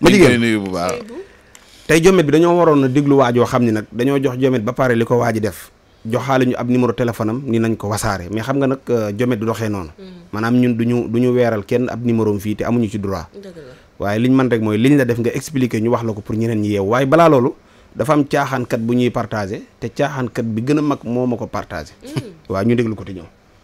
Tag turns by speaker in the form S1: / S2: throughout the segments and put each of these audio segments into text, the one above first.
S1: ma jigéen tey jomet bi dañoo waroon a déglu waajoo xam ne nag dañoo jox jomet ba pare li ko waaj def joxaale ñu ab numéro téléphone am ni nañ ko wasaare mais xam nga nag euh, jomet du doxee noonu mm. maanaam ñun duñu du ñu weeral kenn ab numéro am fii te amuñu ci droit waaye liñ mën rek mooy liñ la def nga expliquer ñu wax la ko pour ñeneen ñi yeew waaye balaa loolu dafa am caaxaankat bu ñuy partagé te caaxaankat bi gën a mag moo ma ko partagé mm. waaw ñu déglu ko te ñëw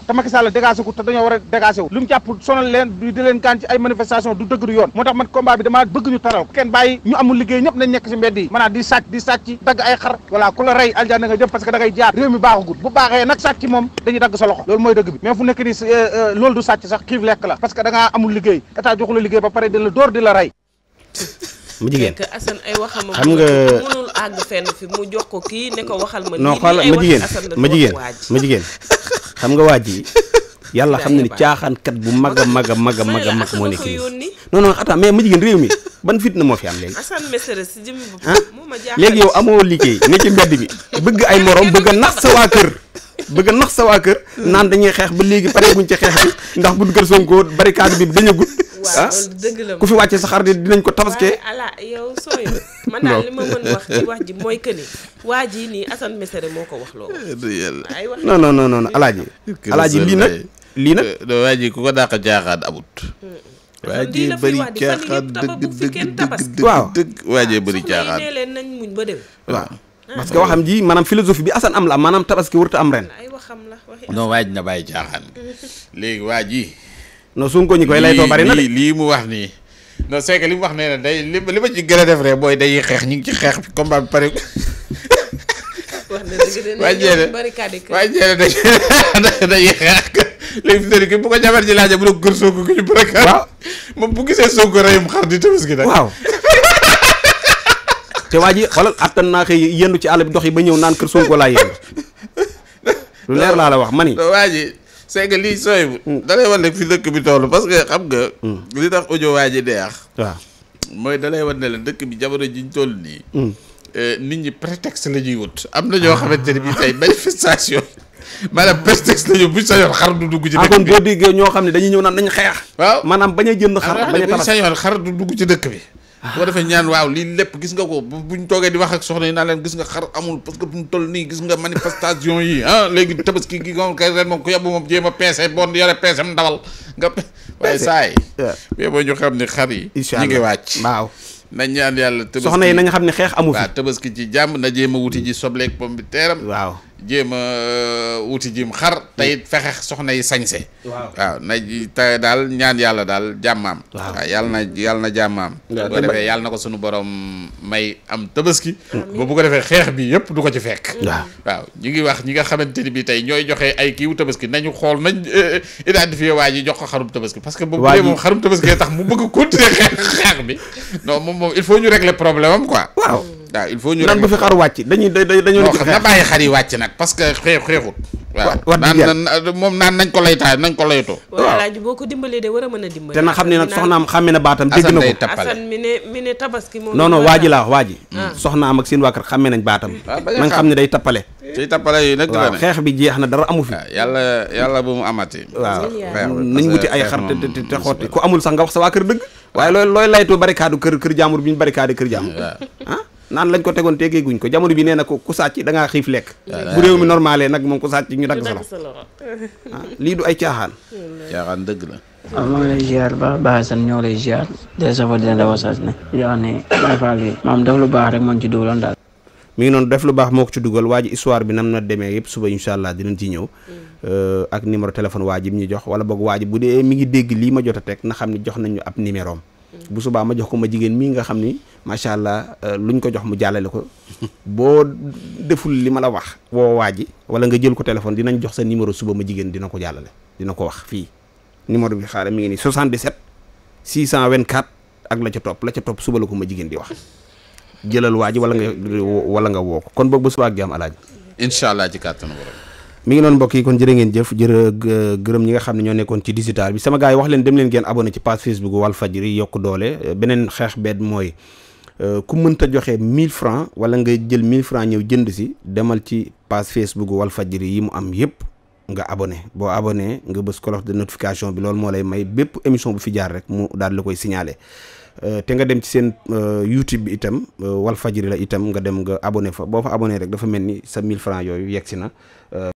S1: Touba te Macky Sall dégagé ko te dañoo war a dégagé wu lu mu jàpp sonal leen di leen gaan ci ay manifestation du dëgg du yoon moo tax man combat bi damaa bëgg ñu taral kenn bàyyi ñu amul liggéey ñëpp nañ nekk si mbedd yi maanaam di sàcc di sàcc dagg ay xar voilà ku la rey aljana nga jëm parce que da ngay jaar réew mi baaxagut bu baaxee nag sàcc moom dañuy dagg sa loxo loolu mooy dëgg bi mais fu nekk nii euh, euh, loolu du sàcc sax xiif lekk la parce que da ngaa ay waxam xam nga mënul àgg fenn fi jox ko kii ne ma non xam nga waa ji yàlla xam na ni caaxaankat bu mag a mag a mag a mag a mag moo nekk nii non non attends mais ma jigéen réew mi ban fitna moo fi am léegi ah léegi yow amoo liggéey ne ci mbedd bi bëgg ay morom bëgg a nax sa waa kër bëgg a nax sawaa kër naan dañuy xeex ba léegi pare ci xeex bi ndax buñ kër Sonko ko bi dañagul bi ah? loolu dëgg la ku fi wàccee sa xar dinañ ko tabaskee ala yow sooy man daal li ma mën wax ji mooy que waa jii nii Assane Mesere moo ko wax loo eh, ay wax non non non non lii nag
S2: lii nag waa ku ko dàq jaaxaan amut waa ji bëri caaxaan dëgg dëgg dëgg waaw waa ji bëri caaxaan
S1: nee leen nañ muñ ba waaw ah. parce que waxam ji maanaam philosophie bi Assane am la maanaam tabaski warut a am ren non waaj na bàyyi caaxaan léegi waa ji non suñ ko ñi koy lay too bari na lii
S2: mu wax nii non c'est li mu wax nee na day li ma ci gën a def rek mooy day xeex ñu ngi ci xeex combat bi pare waa jeene waa day xeex léegi fi bu ji laajee bu doon moom bu gisee Sonko reyum xar di tabaski nag. waaw
S1: te waa ji xoolal attan naa xëy yendu ci àll bi dox yi ba ñëw naan kër Sonko laa yendu. lu leer laa la wax man
S2: waa ji c'est que lii sooy bu hmm. da lay wan ne fi dëkk bi toll parce que xam nga hmm. li tax ojo waa ji deex waaw mooy da lay wan ne la dëkk bi jamono jiñ toll nii hmm. euh, nit ñi prétexte la ñuy wut am na ñoo xamante ne bii tey manifestation maanaam prétexte la ñu buñ sañoon xar du dugg ci dëkk ah, bi kon boo déggee ñoo xam ne dañuy ñëw naan nañ xeex waaw maanaam bañ a jënd xar ah, bañ a tabax sañoon xar du dugg ci dëkk bi bu ko defee ñaan waaw lii lépp gis nga ko bu buñ toogee di wax ak soxna yi naa leen gis nga xar amul parce que buñ toll nii gis nga manifestation yi ah léegi tabaski gi moom kay ren moom ku yàbbu moom jéem a peese bon yore peese mu ndawal nga waaye saay bee boo ñu xam ne xar yi ñu ngi wàcc waaw nañ ñaan yàlla tabaski soxna yi nañ xam ne xeex amu fi tabaski ci jàmm na jéem a wuti ji sobleeg pomme bi teeram waaw jéem a euh, wuti jim xar tey fexe soxna yi sañse waaw na te daal ñaan yàlla daal jàmmaam waaw yàlla na yàlla na jàmmaam bu defee yàlla na ko sunu borom may am tabaski ba bu ko defee xeex bi yëpp du ko ci fekk waaw ñu ngi wax ñi nga xamante ni bi tey ñooy joxe ay kiiwu tabaski nañu xool nañ euh, euh, identifié waa ji jox ko xarum tabaski parce que bu dee moom xarum tabaski tax mu bëgg continuer xeex bi non moom moom il faut ñu régler problème am quoi waaw il faut ñu naan bu fi xar wàcc dañuy dañoo nekk na bàyyi xar yi wàcc nag parce xeexut waaw wax dëgg yàlla moom naan nañ ko laytaay nañ ko laytoo
S1: boo ko dimbalee de war a mën a dimbali te na xam ne nag soxnaam
S2: xàmme na baatam dégg na ko Assane
S1: mi ne waa ji laa waa ji mm. ah. soxnaam ak seen waa kër xàmme nañ baatam ah, na xam ne day tappale
S2: ci tappale yi nag waaw xeex
S1: bi jeex na dara amu fi ah,
S2: yàlla yàlla bu mu amati waaw nañ wuti ay xar te te xotti
S1: ku amul sax nga wax sa waa kër dëgg waaye looy looy laytoo barikaadu kër kër jaamur bi ñu barikaade kër jaamur ah naan lañ ko tegoon guñ ko jamono bi nee na ko ku sàcc da ngaa xiif lekk ah, bu réew mi normalé nag moom ku sàcc ñu dagg sa ah, lii du ay caaxaan caaxaan dëgg la waaw ah, ngi lay ziar baax baaxsan ñoo lay ziar de safo dina la wasaas def lu baax rek moom ci dugaloon daal mi ngi noonu def lu baax moo ko ci dugal waa ji histoire bi nam na demee yëpp suba incha allah dinañ ci ñëw mm. euh, ak numéro téléphone waa ji bi ñu jox wala boog waa ji bu dee mi ngi dégg lii ma jot a teg na xam ne jox nañu ab numéro am bu subaa ma jox ko ma jigéen mii nga xam ni macha allah euh, luñ ko jox mu jàllale ko boo deful li ma la wax woo waa ji wala nga jël ko téléphone dinañ jox sa numéro suba ma jigéen dina ko jàllale dina ko wax fii numéro bi xaaral mi ngi nii 77 624 ak la ca topp la ca topp suba la ko ma jigéen di wax jëlal waa ji wala nga wala nga woo ko kon boog bu subaa ak jàmm alaaji
S2: incha allah ci kàttanu borom
S1: mi ngi noonu mbokk yi kon jërë ngeen jëf jërë gërëm ñi nga xam ne ñoo nekkoon ci digital bi sama gars yi wax leen dem leen ngeen abonné ci page Facebook Walfadjri yokk doole euh, beneen xeex beet mooy euh, ku mënta joxe mille francs wala nga jël 1000 francs ñëw jënd si demal ci page Facebook Walfadjri yi mu am yëpp nga abonné boo abone nga bës cloche de notification bi loolu moo lay may bépp émission bu fi jaar rek mu daal la koy signalé euh, te nga dem ci seen YouTube bi itam fajiri la itam nga dem nga abonné fa boo fa rek dafa mel ni sa 1000 francs yooyu yegg si na